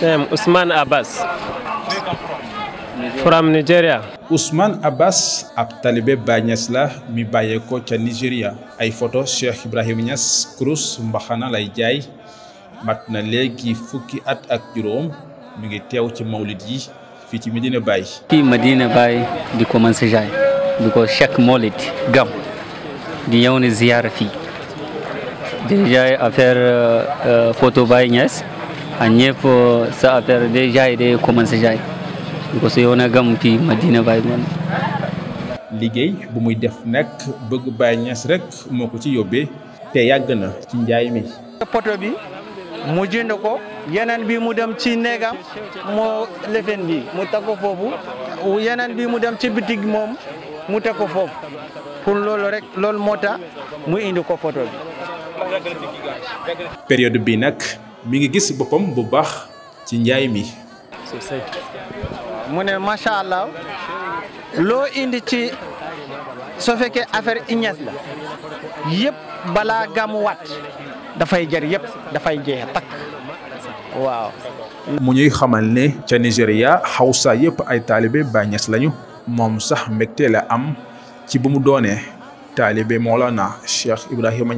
name Usman Abbas from Nigeria. Usman Abbas ab talibe Baye la mi ko ca Nigeria ay photo Cheikh Ibrahim Niass Cruz mbaxana lay jay mat na léegi fukki at ak juroom mi ngi tew ci mawlid yi fi ci Medina Bay. Fi Medina Bay di commencé jay di ko chaque mawlid gam di ñëw ne ziyaara fii di jay affaire euh, euh, photo Baye Niass. hanyeef sa affaire dai jaye de commencé jaay ko so yona gam fi madina baye noon liggéey bu muy def nag bëgg Baye ñas rek moo ko ci yóbbee te yàgg na ci njaay mi poto bi mu jënd ko yeneen bi mu dem ci néegam moo lefen bi mu teg ko foofu yeneen bi mu dem ci bitig moom mu teg ko foofu pour loolu rek loolu moo tax mu indi ko poto bi période bi nag mi ngi gis bopam bu baax ci njaay mi mune ma sha allah lo indi ci so fekke affaire ignas la gam wat da fay jar da fay jeex tak waaw mu ñuy xamal ne ci Nigeria Hausa yep ay taalibe bàññes lañu mom sax mbégte la am ci bu mu doone talibé molana Cheikh Ibrahima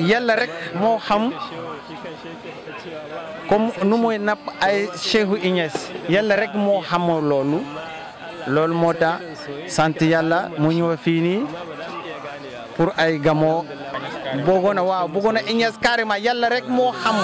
yàlla rek moo xam comme nu muy napp ay Cheikhou Ignace yàlla rek moo xamoo loolu loolu moo tax sant yàlla mu ñëw fii nii pour ay gamoo bëggoon na waaw bëggoon na Ignace carrément yàlla rek moo xam